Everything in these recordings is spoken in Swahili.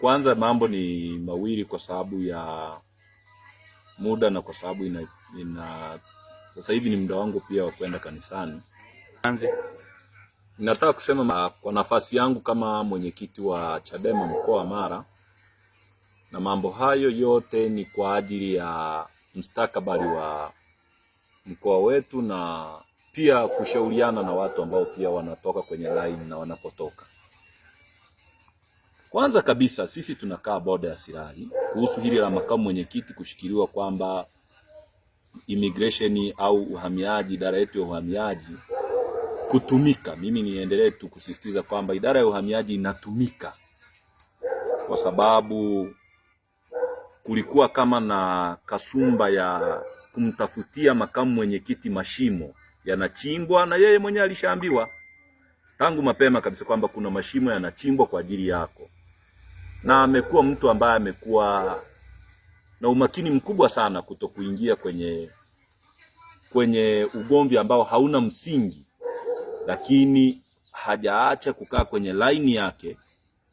Kwanza mambo ni mawili kwa sababu ya muda na kwa sababu ina, ina sasa hivi ni muda wangu pia wa kwenda kanisani. Anze. Nataka kusema uh, kwa nafasi yangu kama mwenyekiti wa Chadema mkoa wa Mara, na mambo hayo yote ni kwa ajili ya mstakabali wa mkoa wetu na pia kushauriana na watu ambao pia wanatoka kwenye line na wanapotoka. Kwanza kabisa sisi tunakaa boda ya Sirari kuhusu hili la makamu mwenyekiti kushikiliwa kwamba immigration au uhamiaji, idara yetu ya uhamiaji kutumika. Mimi niendelee tu kusisitiza kwamba idara ya uhamiaji inatumika kwa sababu kulikuwa kama na kasumba ya kumtafutia makamu mwenyekiti mashimo yanachimbwa, na yeye mwenyewe alishaambiwa tangu mapema kabisa kwamba kuna mashimo yanachimbwa kwa ajili yako na amekuwa mtu ambaye amekuwa na umakini mkubwa sana kuto kuingia kwenye kwenye ugomvi ambao hauna msingi, lakini hajaacha kukaa kwenye laini yake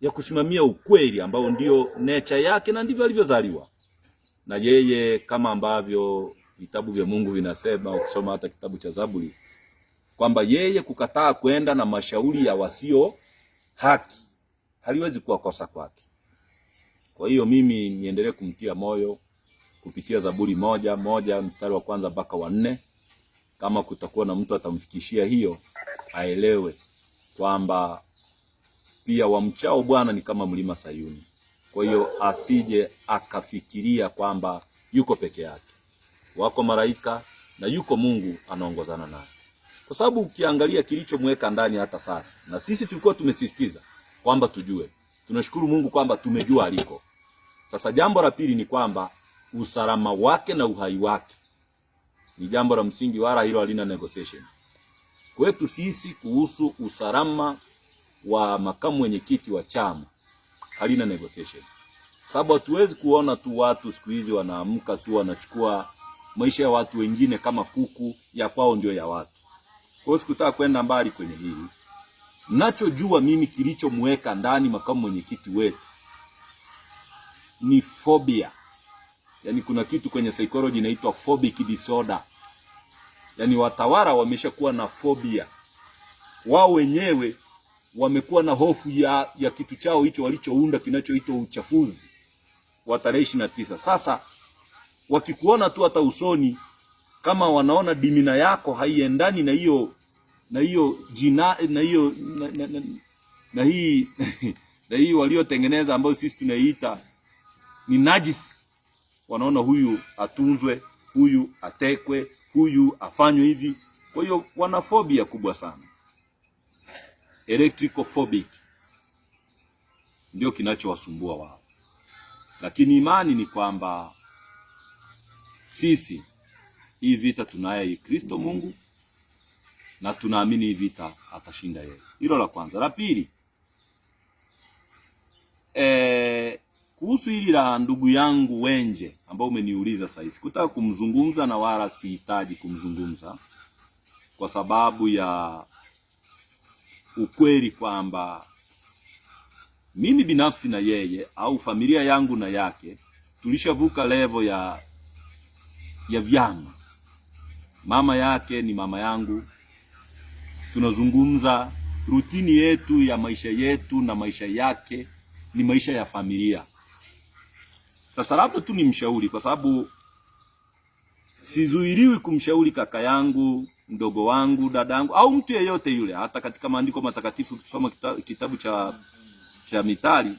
ya kusimamia ukweli ambao ndio necha yake na ndivyo alivyozaliwa. Na yeye kama ambavyo vitabu vya Mungu vinasema, ukisoma hata kitabu cha Zaburi kwamba yeye kukataa kwenda na mashauri ya wasio haki haliwezi kuwa kosa kwake. Kwa hiyo mimi niendelee kumtia moyo kupitia Zaburi moja moja mstari wa kwanza mpaka wa nne. Kama kutakuwa na mtu atamfikishia hiyo, aelewe kwamba pia wamchao Bwana ni kama mlima Sayuni. Kwa hiyo asije akafikiria kwamba yuko peke yake, wako malaika na yuko Mungu anaongozana naye, kwa sababu ukiangalia kilichomweka ndani hata sasa, na sisi tulikuwa tumesisitiza kwamba tujue Tunashukuru Mungu kwamba tumejua aliko. Sasa jambo la pili ni kwamba usalama wake na uhai wake ni jambo la msingi, wala hilo halina negotiation kwetu sisi. Kuhusu usalama wa makamu mwenyekiti wa chama halina negotiation, sababu hatuwezi kuona tu watu siku hizi wanaamka tu wanachukua maisha ya watu wengine kama kuku ya kwao ndio ya watu. Kwa hiyo sikutaka kwenda mbali kwenye hili. Nachojua mimi kilichomweka ndani makamu mwenyekiti wetu ni phobia, yaani kuna kitu kwenye psychology inaitwa phobic disorder, yaani watawala wameshakuwa na phobia wao wenyewe, wamekuwa na hofu ya, ya kitu chao hicho walichounda kinachoitwa uchafuzi wa tarehe ishirini na tisa. Sasa wakikuona tu hata usoni, kama wanaona dimina yako haiendani na hiyo na hiyo jina na hiyo na, na, na, na hii na hii waliotengeneza ambayo sisi tunaiita ni najis, wanaona huyu atunzwe, huyu atekwe, huyu afanywe hivi. Kwa hiyo wana fobia kubwa sana, electrophobic ndio kinachowasumbua wao, lakini imani ni kwamba sisi hii vita tunaye Kristo Mungu na tunaamini hii vita atashinda yeye. Hilo la kwanza. La pili, e, kuhusu hili la ndugu yangu Wenje ambao umeniuliza sasa, sikutaka kumzungumza na wala sihitaji kumzungumza kwa sababu ya ukweli kwamba mimi binafsi na yeye au familia yangu na yake tulishavuka levo ya ya vyama. Mama yake ni mama yangu, tunazungumza rutini yetu ya maisha yetu na maisha yake ni maisha ya familia. Sasa labda tu ni mshauri, kwa sababu sizuiriwi kumshauri kaka yangu, mdogo wangu, dadangu au mtu yeyote yule. Hata katika maandiko matakatifu kusoma kitabu cha, cha Mithali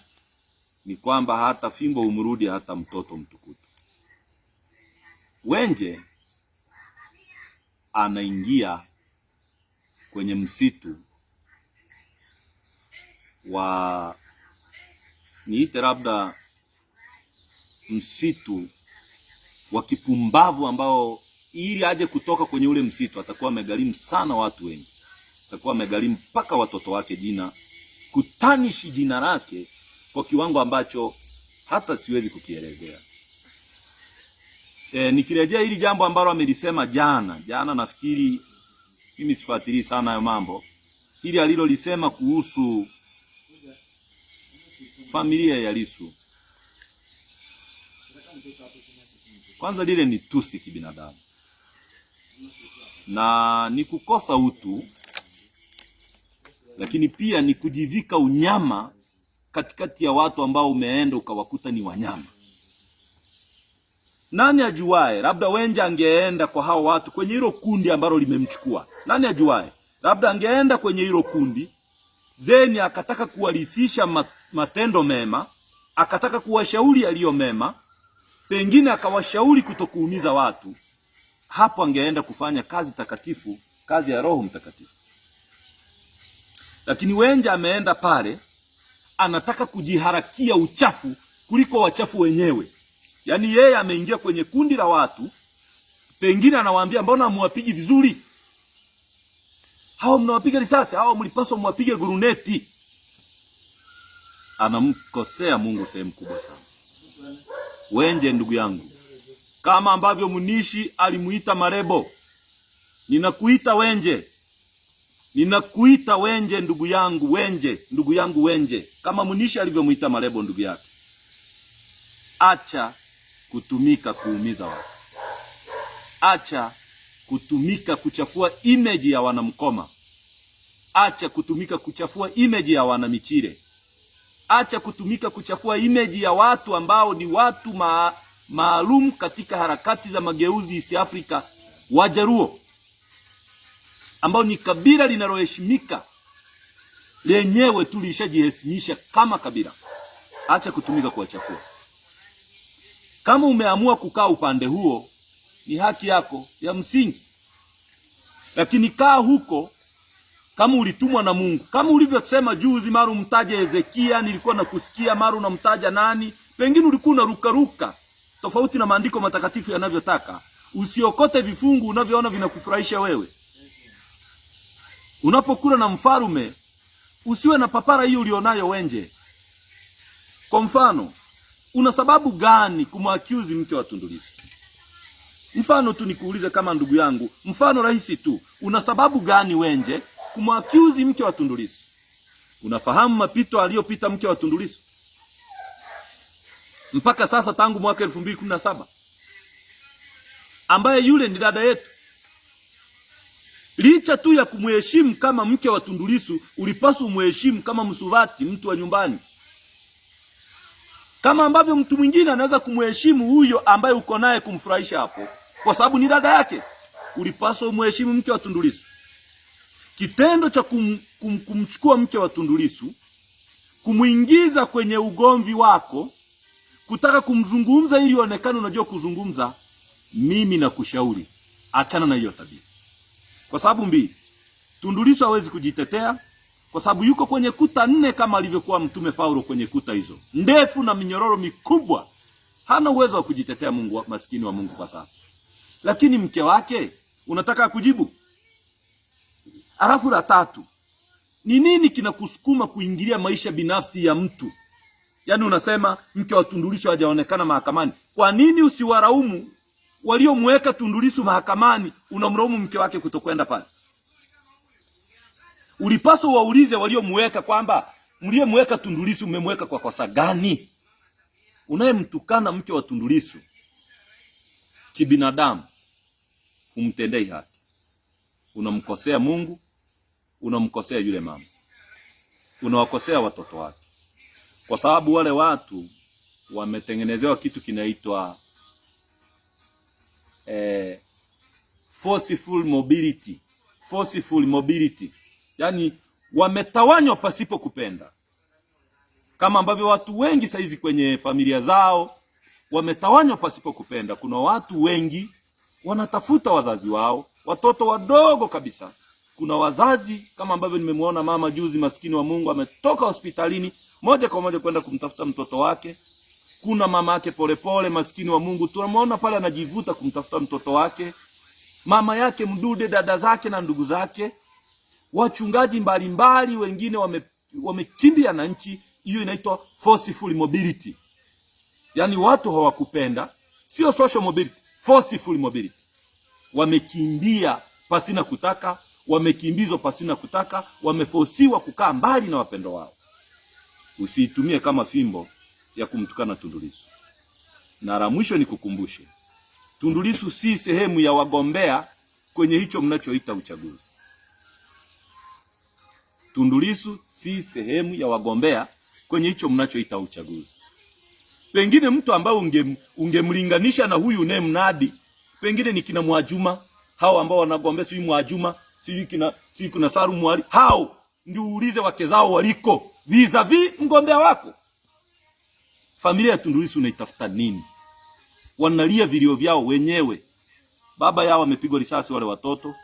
ni kwamba hata fimbo umrudi hata mtoto mtukutu. Wenje anaingia kwenye msitu wa niite labda msitu wa kipumbavu ambao ili aje kutoka kwenye ule msitu atakuwa amegharimu sana watu wengi, atakuwa amegharimu mpaka watoto wake jina, kutanishi jina lake kwa kiwango ambacho hata siwezi kukielezea. E, nikirejea hili jambo ambalo amelisema jana jana, nafikiri mimi sifuatilii sana hayo mambo. Hili alilolisema kuhusu familia ya lisu kwanza lile ni tusi kibinadamu na ni kukosa utu, lakini pia ni kujivika unyama katikati ya watu ambao umeenda ukawakuta ni wanyama. Nani ajuae? Labda Wenja angeenda kwa hao watu kwenye hilo kundi ambalo limemchukua. Nani ajuae? Labda angeenda kwenye hilo kundi then akataka kuwarithisha matendo mema, akataka kuwashauri yaliyo mema, pengine akawashauri kutokuumiza watu. Hapo angeenda kufanya kazi takatifu, kazi ya Roho Mtakatifu. Lakini Wenja ameenda pale, anataka kujiharakia uchafu kuliko wachafu wenyewe. Yaani yeye ameingia kwenye kundi la watu, pengine anawaambia mbona hamuwapigi vizuri Hao mnawapiga risasi hao mlipaswa mwapige guruneti. Anamkosea Mungu sehemu kubwa sana. Wenje ndugu yangu, kama ambavyo Munishi alimuita marebo, ninakuita Wenje, ninakuita Wenje ndugu yangu, Wenje ndugu yangu, Wenje, kama Munishi alivyomwita marebo ndugu yake. Acha kutumika kuumiza watu. Acha kutumika kuchafua imeji ya wanamkoma. Acha kutumika kuchafua imeji ya wanamichire. Acha kutumika kuchafua imeji ya watu ambao ni watu ma maalum katika harakati za mageuzi East Africa, Wajaruo ambao ni kabila linaloheshimika lenyewe tulishajiheshimisha kama kabila. Acha kutumika kuwachafua. Kama umeamua kukaa upande huo, ni haki yako ya msingi, lakini kaa huko kama ulitumwa na Mungu, kama ulivyosema juzi. Mara umtaje Hezekia, nilikuwa nakusikia mara unamtaja nani, pengine ulikuwa unarukaruka tofauti na maandiko matakatifu yanavyotaka. Usiokote vifungu unavyoona vinakufurahisha wewe. Unapokula na mfarume, usiwe na papara hiyo ulionayo wenje. Kwa mfano una sababu gani kumwaccuse mke wa Tundu Lissu? Mfano tu nikuulize kama ndugu yangu, mfano rahisi tu, una sababu gani Wenje kumwaccuse mke wa Tundu Lissu? Unafahamu mapito aliyopita mke wa Tundu Lissu mpaka sasa tangu mwaka elfu mbili kumi na saba ambaye yule ni dada yetu. Licha tu ya kumheshimu kama mke wa Tundu Lissu, ulipaswa umheshimu kama msuvati, mtu wa nyumbani kama ambavyo mtu mwingine anaweza kumheshimu huyo ambaye uko naye kumfurahisha hapo, kwa sababu ni dada yake. Ulipaswa umheshimu mke wa Tundu Lissu. Kitendo cha kum, kum, kumchukua mke wa Tundu Lissu, kumwingiza kwenye ugomvi wako, kutaka kumzungumza ili uonekane unajua kuzungumza, mimi nakushauri achana na hiyo tabia, kwa sababu mbili, Tundu Lissu hawezi kujitetea kwa sababu yuko kwenye kuta nne kama alivyokuwa mtume Paulo kwenye kuta hizo ndefu na minyororo mikubwa. Hana uwezo wa kujitetea Mungu, wa, maskini wa Mungu kwa sasa, lakini mke wake unataka kujibu. Alafu la tatu ni nini kinakusukuma kuingilia maisha binafsi ya mtu? Yaani unasema mke wa Tundulisu hajaonekana mahakamani. Kwa nini usiwaraumu waliomweka Tundulisu mahakamani? Unamlaumu mke wake kutokwenda pale. Ulipaswa waulize waliomweka kwamba mliyemweka tundulisu Lissu mmemweka kwa kosa gani? Unayemtukana mke wa tundulisu kibinadamu, umtendei haki, unamkosea Mungu, unamkosea yule mama, unawakosea watoto wake, kwa sababu wale watu wametengenezewa kitu kinaitwa eh, forceful mobility, forceful mobility yaani wametawanywa pasipo kupenda, kama ambavyo watu wengi saizi kwenye familia zao wametawanywa pasipo kupenda. Kuna watu wengi wanatafuta wazazi wao, watoto wadogo kabisa. Kuna wazazi kama ambavyo nimemwona mama juzi, maskini wa Mungu, ametoka hospitalini moja kwa moja kwenda kumtafuta mtoto wake. Kuna mama yake Polepole, maskini wa Mungu, tunamwona pale anajivuta kumtafuta mtoto wake, mama yake Mdude, dada zake na ndugu zake wachungaji mbalimbali mbali, wengine wame, na nchi hiyo, inaitwa forceful mobility, yaani watu hawakupenda, sio social mobility, forceful mobility. Wamekimbia pasina kutaka, wamekimbizwa pasina kutaka, wamefosiwa kukaa mbali na wapendo wao. Usiitumie kama fimbo ya kumtukana Tundu Lissu. Na la mwisho nikukumbushe, Tundu Lissu si sehemu ya wagombea kwenye hicho mnachoita uchaguzi tundulisu si sehemu ya wagombea kwenye hicho mnachoita uchaguzi. Pengine mtu ambaye unge, ungemlinganisha na huyu ne mnadi pengine ni kina Mwajuma hao ambao wanagombea, sijui Mwajuma sijui kina sijui kuna Saru Mwali, hao ndio uulize wake zao waliko visa vi mgombea wako. Familia ya Tundulisu unaitafuta nini? Wanalia vilio vyao wenyewe. Baba yao amepigwa risasi, wale watoto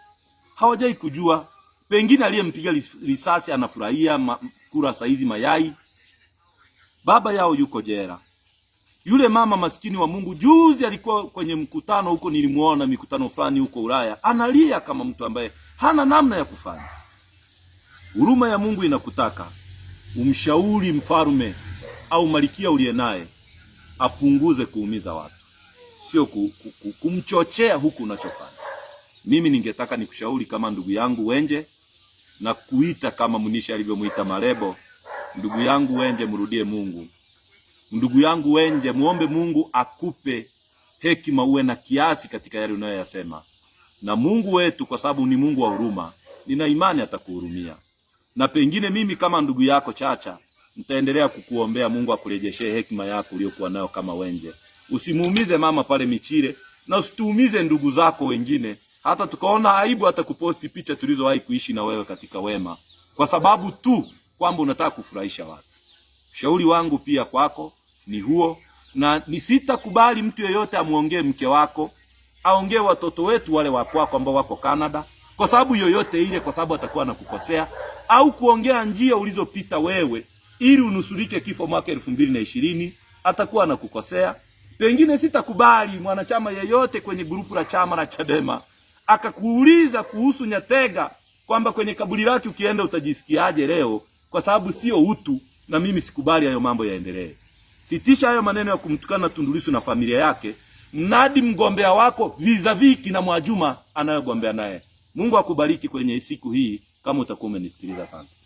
hawajai kujua Pengine aliyempiga risasi anafurahia kura kula saizi mayai. Baba yao yuko jera Yule mama maskini wa Mungu, juzi alikuwa kwenye mkutano huko, nilimuona mikutano fulani huko Ulaya, analia kama mtu ambaye hana namna ya kufanya. Huruma ya Mungu inakutaka umshauri mfalme au malikia uliye naye apunguze kuumiza watu, sio kumchochea huku unachofanya. Mimi ningetaka nikushauri kama ndugu yangu Wenje na kuita kama Munisha alivyomwita Marebo, ndugu yangu Wenje, mrudie Mungu. Ndugu yangu Wenje, muombe Mungu akupe hekima, uwe na kiasi katika yale unayoyasema, na Mungu wetu, kwa sababu ni Mungu wa huruma, nina imani atakuhurumia. Na pengine mimi kama ndugu yako Chacha nitaendelea kukuombea Mungu akurejeshee hekima yako uliyokuwa nayo kama Wenje. Usimuumize mama pale Michire na usituumize ndugu zako wengine hata tukaona aibu hata kuposti picha tulizowahi kuishi na wewe katika wema, kwa sababu tu kwamba unataka kufurahisha watu. Ushauri wangu pia kwako ni huo, na ni sitakubali mtu yeyote amuongee mke wako, aongee watoto wetu wale wa kwako ambao wako Canada, kwa sababu yoyote ile, kwa sababu atakuwa anakukosea au kuongea njia ulizopita wewe ili unusurike kifo mwaka elfu mbili na ishirini, atakuwa anakukosea. Pengine sitakubali mwanachama yeyote kwenye grupu la chama la Chadema akakuuliza kuhusu Nyatega kwamba kwenye kaburi lake ukienda utajisikiaje leo, kwa sababu sio utu, na mimi sikubali hayo mambo yaendelee. Sitisha hayo maneno ya kumtukana Tundu Lissu na familia yake, mnadi mgombea wako vizaviki na Mwajuma anayogombea naye. Mungu akubariki kwenye siku hii, kama utakuwa umenisikiliza. Asante.